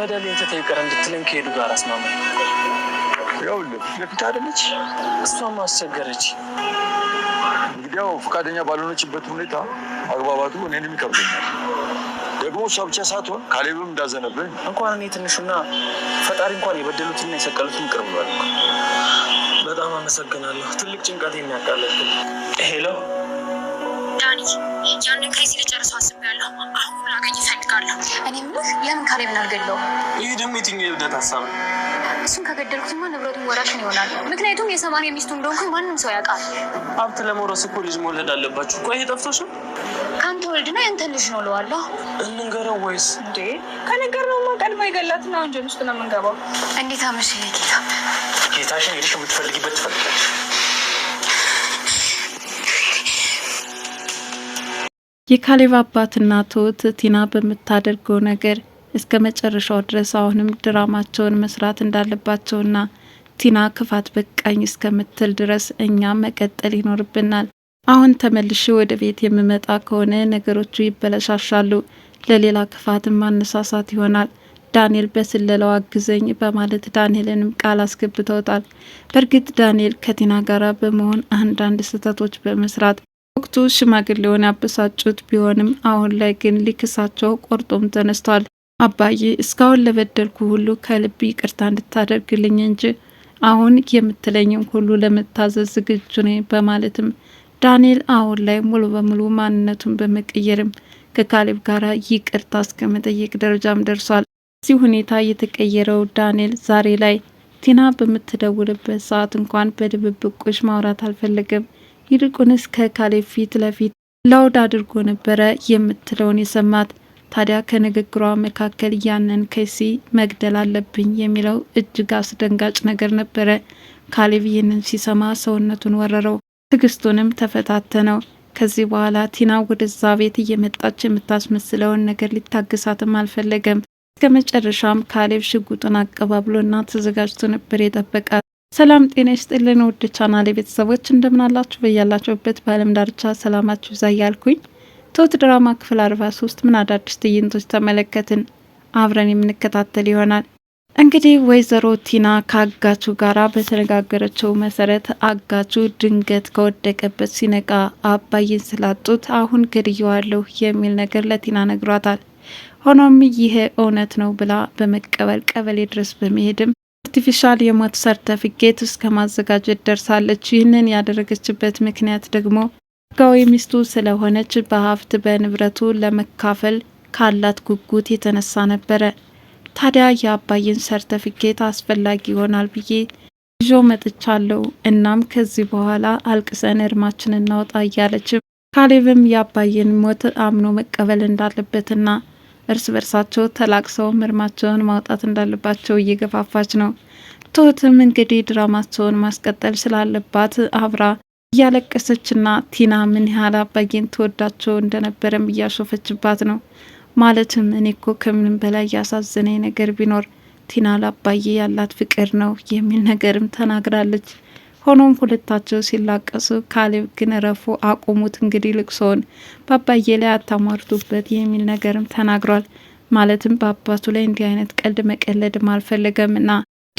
መዳሊን ትተይ ቀረ እንድትለኝ ከሄዱ ጋር አስማማ። ይኸውልህ ለፊት አይደለች እሷም አስቸገረች። እንግዲያው ፈቃደኛ ባልሆነችበት ሁኔታ አግባባቱ እኔንም ይከብደኛል። ደግሞ እሷ ብቻ ሳትሆን ካሌብም እንዳዘነብኝ እንኳን እኔ ትንሹና ፈጣሪ እንኳን የበደሉትና የሰቀሉትን ይቅር ብሏል። በጣም አመሰግናለሁ። ትልቅ ጭንቀት የሚያቃለል ሄሎ ዳኒ ያን ክሬሲ ልጨርሰው አስብ እገለዋለሁ። እኔ የምልህ ለምን ካሌብን አልገለውም? ይህ ደግሞ የትኛው የብደት ሀሳብ ነው? እሱን ከገደልኩትማ ንብረቱን ወራሽን ይሆናል። ምክንያቱም የሰማን የሚስቱ እንደሆንኩ ማንም ሰው ያውቃል። ሀብት ለመውረስ እኮ ልጅ መውለድ አለባችሁ። ቆይ ይሄ ጠፍቶሽ ነው? ከአንተ ወልድና ያንተ ልጅ ነው እለዋለሁ። እንንገረው ወይስ እንዴ? ከነገርነውማ ቀድሞ የገላትና ወንጀል ውስጥ ነው የምንገባው። እንዴት አመሸህ ጌታ። ጌታሽን ሄደሽ የምትፈልጊበት ትፈልጋለሽ የካሌብ አባትና ትሁት ቲና በምታደርገው ነገር እስከ መጨረሻው ድረስ አሁንም ድራማቸውን መስራት እንዳለባቸውና ቲና ክፋት በቃኝ እስከምትል ድረስ እኛ መቀጠል ይኖርብናል። አሁን ተመልሼ ወደ ቤት የምመጣ ከሆነ ነገሮቹ ይበለሻሻሉ፣ ለሌላ ክፋትን ማነሳሳት ይሆናል። ዳንኤል በስለላው አግዘኝ በማለት ዳንኤልንም ቃል አስገብተውታል። በእርግጥ ዳንኤል ከቲና ጋራ በመሆን አንዳንድ ስህተቶች በመስራት በወቅቱ ሽማግሌውን ያበሳጩት ቢሆንም አሁን ላይ ግን ሊክሳቸው ቆርጦም ተነስቷል። አባዬ እስካሁን ለበደልኩ ሁሉ ከልብ ይቅርታ እንድታደርግልኝ እንጂ አሁን የምትለኝም ሁሉ ለመታዘዝ ዝግጁ ነኝ በማለትም ዳንኤል አሁን ላይ ሙሉ በሙሉ ማንነቱን በመቀየርም ከካሌብ ጋር ይቅርታ እስከ መጠየቅ ደረጃም ደርሷል። እዚህ ሁኔታ የተቀየረው ዳንኤል ዛሬ ላይ ቲና በምትደውልበት ሰዓት እንኳን በድብብቆች ማውራት አልፈለገም። ይልቁንስ ከካሌብ ፊት ለፊት ለውድ አድርጎ ነበረ የምትለውን የሰማት። ታዲያ ከንግግሯ መካከል ያንን ከሲ መግደል አለብኝ የሚለው እጅግ አስደንጋጭ ነገር ነበረ። ካሌብ ይህንን ሲሰማ ሰውነቱን ወረረው፣ ትዕግስቱንም ተፈታተነው። ከዚህ በኋላ ቲና ወደዛ ቤት እየመጣች የምታስመስለውን ነገር ሊታገሳትም አልፈለገም። እስከ መጨረሻም ካሌብ ሽጉጡን አቀባብሎና ተዘጋጅቶ ነበር የጠበቃት። ሰላም ጤና ይስጥልን ውድ ቻናሌ ቤተሰቦች እንደምናላችሁ በያላችሁበት በአለም ዳርቻ ሰላማችሁ ዛ እያልኩኝ ትሁት ድራማ ክፍል አርባ ሶስት ምን አዳዲስ ትዕይንቶች ተመለከትን አብረን የምንከታተል ይሆናል። እንግዲህ ወይዘሮ ቲና ከአጋቹ ጋራ በተነጋገረችው መሰረት አጋቹ ድንገት ከወደቀበት ሲነቃ አባይን ስላጡት አሁን ገድየዋለሁ የሚል ነገር ለቲና ነግሯታል። ሆኖም ይሄ እውነት ነው ብላ በመቀበል ቀበሌ ድረስ በመሄድም አርቲፊሻል የሞት ሰርተፍኬት እስከ ማዘጋጀት ደርሳለች። ይህንን ያደረገችበት ምክንያት ደግሞ ህጋዊ ሚስቱ ስለሆነች በሀብት በንብረቱ ለመካፈል ካላት ጉጉት የተነሳ ነበረ። ታዲያ የአባይን ሰርተፍኬት አስፈላጊ ይሆናል ብዬ ይዞ መጥቻለሁ። እናም ከዚህ በኋላ አልቅሰን እርማችን እናወጣ እያለችም ካሌብም የአባይን ሞት አምኖ መቀበል እንዳለበትና እርስ በርሳቸው ተላቅሰው ምርማቸውን ማውጣት እንዳለባቸው እየገፋፋች ነው። ትሁትም እንግዲህ ድራማቸውን ማስቀጠል ስላለባት አብራ እያለቀሰችና ቲና ምን ያህል አባዬን ትወዳቸው እንደነበረም እያሾፈችባት ነው። ማለትም እኔ እኮ ከምንም በላይ ያሳዘነኝ ነገር ቢኖር ቲና ላባዬ ያላት ፍቅር ነው የሚል ነገርም ተናግራለች። ሆኖም ሁለታቸው ሲላቀሱ ካሌብ ግን ረፉ አቁሙት፣ እንግዲህ ልቅሶውን በአባዬ ላይ አታሟርቱበት የሚል ነገርም ተናግሯል። ማለትም በአባቱ ላይ እንዲህ አይነት ቀልድ መቀለድም እና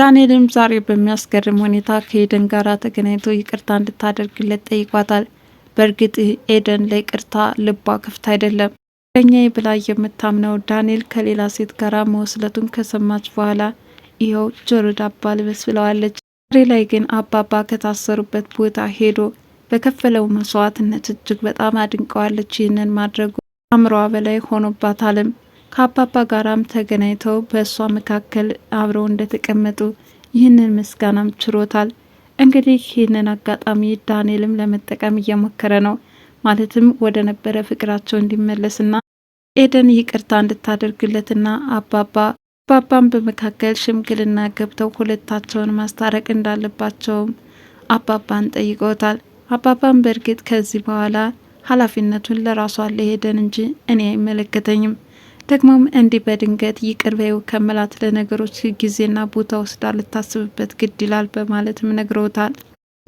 ዳንኤልም ዛሬ በሚያስገርም ሁኔታ ከኤደን ጋር ተገናኝቶ ይቅርታ እንድታደርግለት ጠይቋታል። በእርግጥ ኤደን ለይቅርታ ልቧ ክፍት አይደለም። ለኛ ብላ የምታምነው ዳንኤል ከሌላ ሴት ጋር መወስለቱን ከሰማች በኋላ ይኸው ጆሮ ዳባ ልበስ ብለዋለች። ዛሬ ላይ ግን አባባ ከታሰሩበት ቦታ ሄዶ በከፈለው መስዋዕትነት እጅግ በጣም አድንቀዋለች። ይህንን ማድረጉ አእምሯ በላይ ሆኖባታልም። ከአባባ ጋራም ተገናኝተው በእሷ መካከል አብረው እንደተቀመጡ ይህንን ምስጋናም ችሮታል። እንግዲህ ይህንን አጋጣሚ ዳንኤልም ለመጠቀም እየሞከረ ነው። ማለትም ወደ ነበረ ፍቅራቸው እንዲመለስና ኤደን ይቅርታ እንድታደርግለትና አባባ በአባም በመካከል ሽምግልና ገብተው ሁለታቸውን ማስታረቅ እንዳለባቸውም አባባን ጠይቀውታል። አባባን በእርግጥ ከዚህ በኋላ ኃላፊነቱን ለራሷ ለሄደን እንጂ እኔ አይመለከተኝም፣ ደግሞም እንዲህ በድንገት ይቅር በይው ከመላት ለነገሮች ጊዜና ቦታ ወስዳ ልታስብበት ግድ ይላል በማለትም ነግረውታል።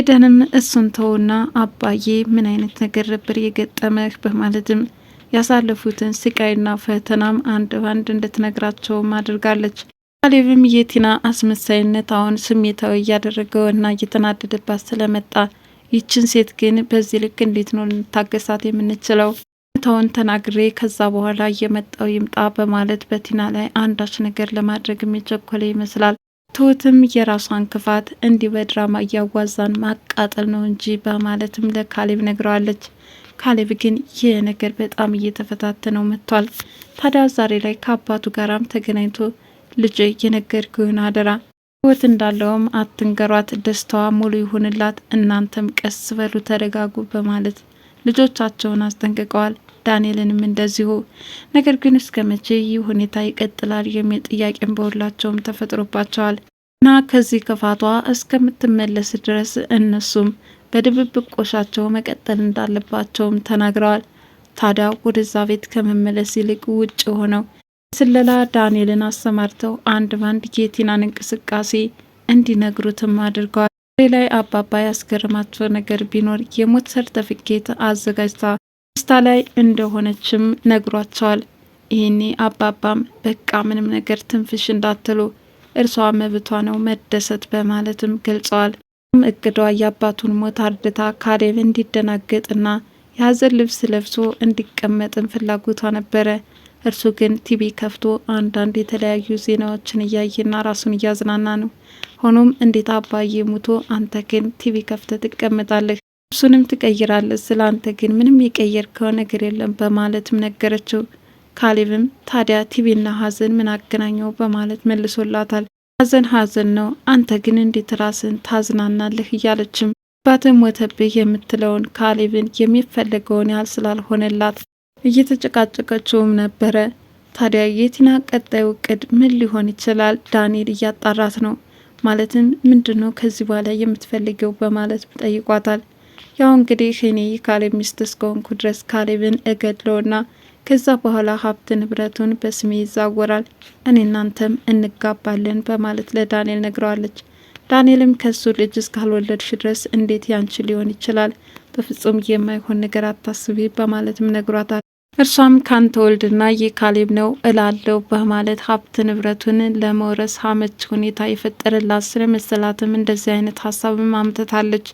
ሄደንም እሱን ተውና አባዬ ምን አይነት ነገር ነበር የገጠመህ በማለትም ያሳለፉትን ስቃይና ፈተናም አንድ ባንድ እንድትነግራቸውም አድርጋለች። ካሌብም የቲና አስመሳይነት አሁን ስሜታዊ እያደረገው እና እየተናደደባት ስለመጣ ይችን ሴት ግን በዚህ ልክ እንዴት ነው ልንታገሳት የምንችለው? እውነታውን ተናግሬ ከዛ በኋላ የመጣው ይምጣ በማለት በቲና ላይ አንዳች ነገር ለማድረግ የቸኮለ ይመስላል። ትሁትም የራሷን ክፋት እንዲህ በድራማ እያዋዛን ማቃጠል ነው እንጂ በማለትም ለካሌብ ነግረዋለች። ካሌብ ግን ይህ ነገር በጣም እየተፈታተነው መጥቷል። ታዲያ ዛሬ ላይ ከአባቱ ጋራም ተገናኝቶ ልጅ የነገርኩህን አደራ ህይወት እንዳለውም አትንገሯት፣ ደስታዋ ሙሉ ይሁንላት፣ እናንተም ቀስ በሉ ተረጋጉ በማለት ልጆቻቸውን አስጠንቅቀዋል። ዳንኤልንም እንደዚሁ። ነገር ግን እስከ መቼ ይህ ሁኔታ ይቀጥላል የሚል ጥያቄም በሁላቸውም ተፈጥሮባቸዋል እና ከዚህ ክፋቷ እስከምትመለስ ድረስ እነሱም በድብብቅ ቆሻቸው መቀጠል እንዳለባቸውም ተናግረዋል። ታዲያ ወደዛ ቤት ከመመለስ ይልቅ ውጭ ሆነው ስለላ ዳንኤልን አሰማርተው አንድ ባንድ የቲናን እንቅስቃሴ እንዲነግሩትም አድርገዋል። ሬ ላይ አባባ ያስገርማቸው ነገር ቢኖር የሞት ሰርተፍኬት አዘጋጅታ ስታ ላይ እንደሆነችም ነግሯቸዋል። ይህኔ አባባም በቃ ምንም ነገር ትንፍሽ እንዳትሉ እርሷ መብቷ ነው መደሰት በማለትም ገልጸዋል። እቅዷ የአባቱን ሞት አርድታ ካሌብ እንዲደናገጥና የሀዘን ልብስ ለብሶ እንዲቀመጥን ፍላጎቷ ነበረ። እርሱ ግን ቲቪ ከፍቶ አንዳንድ የተለያዩ ዜናዎችን እያየና ራሱን እያዝናና ነው። ሆኖም እንዴት አባዬ ሙቶ አንተ ግን ቲቪ ከፍተ ትቀመጣለህ፣ እሱንም ትቀይራለህ፣ ስለ አንተ ግን ምንም የቀየርከው ነገር የለም በማለትም ነገረችው። ካሌብም ታዲያ ቲቪና ሀዘን ምን አገናኘው በማለት መልሶላታል። ሀዘን ሀዘን ነው፣ አንተ ግን እንዴት ራስን ታዝናናለህ? እያለችም ባትም ሞተብህ የምትለውን ካሌብን የሚፈለገውን ያህል ስላልሆነላት እየተጨቃጨቀችውም ነበረ። ታዲያ የቲና ቀጣዩ እቅድ ምን ሊሆን ይችላል? ዳንኤል እያጣራት ነው። ማለትም ምንድን ነው ከዚህ በኋላ የምትፈልገው በማለት ጠይቋታል። ያው እንግዲህ እኔ ካሌብ ሚስት እስከሆንኩ ድረስ ካሌብን እገድለውና ከዛ በኋላ ሀብት ንብረቱን በስሜ ይዛወራል፣ እኔ እናንተም እንጋባለን በማለት ለዳንኤል ነግረዋለች። ዳንኤልም ከሱ ልጅ እስካልወለድሽ ድረስ እንዴት ያንቺ ሊሆን ይችላል? በፍጹም የማይሆን ነገር አታስቢ በማለትም ነግሯታል። እርሷም ካንተ ወልድና የካሌብ ነው እላለው በማለት ሀብት ንብረቱን ለመውረስ አመች ሁኔታ የፈጠረላት ስለመሰላትም እንደዚህ አይነት ሀሳብም አምተታለች።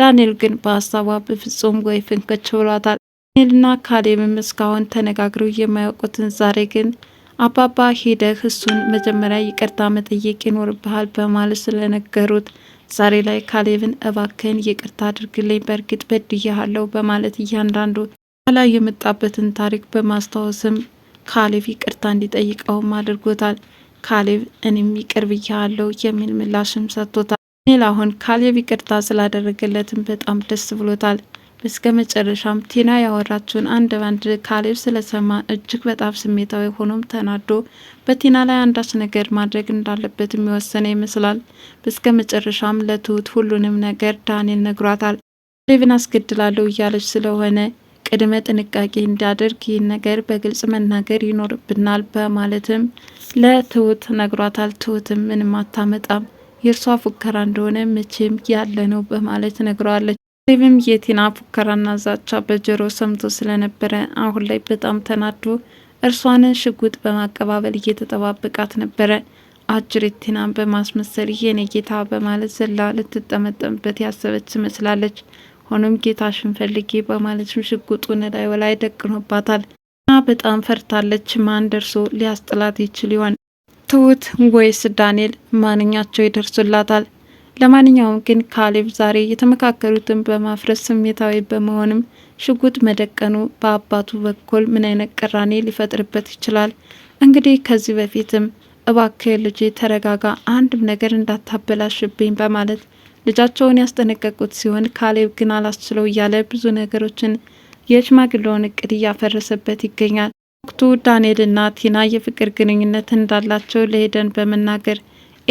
ዳንኤል ግን በሀሳቧ በፍጹም ወይ ፍንክች ብሏታል። ዳንኤልና ካሌብም እስካሁን ተነጋግረው የማያውቁትን ዛሬ ግን አባባ ሄደህ እሱን መጀመሪያ ይቅርታ መጠየቅ ይኖርብሃል በማለት ስለነገሩት ዛሬ ላይ ካሌብን እባክህን ይቅርታ አድርግልኝ በእርግጥ በድያሃለሁ በማለት እያንዳንዱ ኋላ የመጣበትን ታሪክ በማስታወስም ካሌብ ይቅርታ እንዲጠይቀውም አድርጎታል። ካሌብ እኔም ይቅር የሚል ምላሽም ሰጥቶታል። ኔል አሁን ካሌብ ይቅርታ ስላደረገለትም በጣም ደስ ብሎታል። እስከ መጨረሻም ቲና ያወራችውን አንድ ባንድ ካሌብ ስለሰማ እጅግ በጣም ስሜታዊ ሆኖም ተናዶ በቲና ላይ አንዳች ነገር ማድረግ እንዳለበት የሚወሰነ ይመስላል። እስከ መጨረሻም ለትሁት ሁሉንም ነገር ዳንኤል ነግሯታል። ካሌብን አስገድላለሁ እያለች ስለሆነ ቅድመ ጥንቃቄ እንዲያደርግ ይህን ነገር በግልጽ መናገር ይኖርብናል በማለትም ለትሁት ነግሯታል። ትሁትም ምንም አታመጣም የእርሷ ፉከራ እንደሆነ መቼም ያለ ነው በማለት ነግረዋለች። ዴቭም የቲና ፉከራና ዛቻ በጆሮ ሰምቶ ስለነበረ አሁን ላይ በጣም ተናዶ እርሷን ሽጉጥ በማቀባበል እየተጠባበቃት ነበረ። አጅሬት ቲናን በማስመሰል የኔ ጌታ በማለት ዘላ ልትጠመጠምበት ያሰበች ትመስላለች። ሆኖም ጌታሽን ፈልጌ በማለትም ሽጉጡን ላይዋ ወላይ ደቅኖባታል ና በጣም ፈርታለች። ማን ደርሶ ሊያስጥላት ይችል ይሆን? ትሁት ወይስ ዳንኤል ማንኛቸው ይደርሱላታል? ለማንኛውም ግን ካሌብ ዛሬ የተመካከሉትን በማፍረስ ስሜታዊ በመሆንም ሽጉጥ መደቀኑ በአባቱ በኩል ምን አይነት ቅራኔ ሊፈጥርበት ይችላል? እንግዲህ ከዚህ በፊትም እባክህ ልጄ ተረጋጋ፣ አንድም ነገር እንዳታበላሽብኝ በማለት ልጃቸውን ያስጠነቀቁት ሲሆን ካሌብ ግን አላስችለው እያለ ብዙ ነገሮችን የሽማግሌውን እቅድ እያፈረሰበት ይገኛል። ወቅቱ ዳንኤልና ቲና የፍቅር ግንኙነት እንዳላቸው ለኤደን በመናገር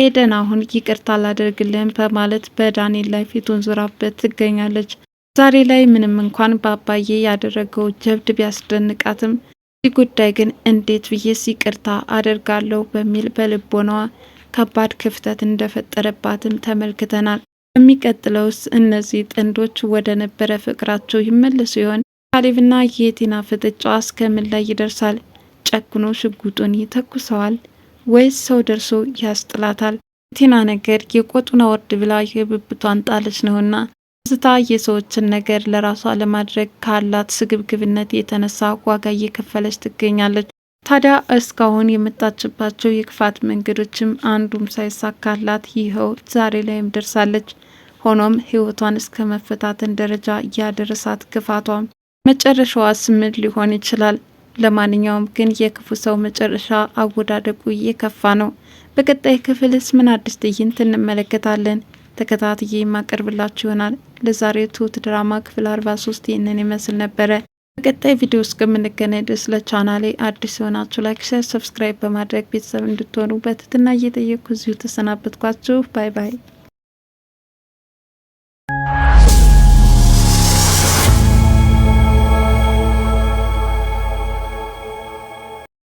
ኤደን አሁን ይቅርታ አላደርግልህም በማለት በዳንኤል ላይ ፊቱን ዙራበት ትገኛለች። ዛሬ ላይ ምንም እንኳን በአባዬ ያደረገው ጀብድ ቢያስደንቃትም እዚህ ጉዳይ ግን እንዴት ብዬስ ይቅርታ አደርጋለሁ በሚል በልቦናዋ ከባድ ክፍተት እንደፈጠረባትም ተመልክተናል። በሚቀጥለውስ እነዚህ ጥንዶች ወደ ነበረ ፍቅራቸው ይመለሱ ይሆን? ካሌብና የቴና ፍጥጫ እስከምን ላይ ይደርሳል? ጨክኖ ሽጉጡን ይተኩሰዋል ወይስ ሰው ደርሶ ያስጥላታል? የቴና ነገር የቆጡን አወርድ ብላ የብብቷን ጣለች ነውና ዝታ የሰዎችን ነገር ለራሷ ለማድረግ ካላት ስግብግብነት የተነሳ ዋጋ እየከፈለች ትገኛለች። ታዲያ እስካሁን የመጣችባቸው የክፋት መንገዶችም አንዱም ሳይሳካላት ይኸው ዛሬ ላይም ደርሳለች። ሆኖም ሕይወቷን እስከ መፈታተን ደረጃ ያደረሳት ክፋቷ መጨረሻዋስ ምን ሊሆን ይችላል? ለማንኛውም ግን የክፉ ሰው መጨረሻ አወዳደቁ እየከፋ ነው። በቀጣይ ክፍልስ ምን አዲስ ትዕይንት እንመለከታለን? ተከታትዬ የማቀርብላችሁ ይሆናል። ለዛሬው ትሁት ድራማ ክፍል 43 ይህንን ይመስል ነበረ። በቀጣይ ቪዲዮ ውስጥ ከምንገናኝ ድረስ ለቻናሌ አዲስ የሆናችሁ ላይክ፣ ሸር፣ ሰብስክራይብ በማድረግ ቤተሰብ እንድትሆኑ በትህትና እየጠየቅኩ እዚሁ ተሰናበትኳችሁ። ባይ ባይ።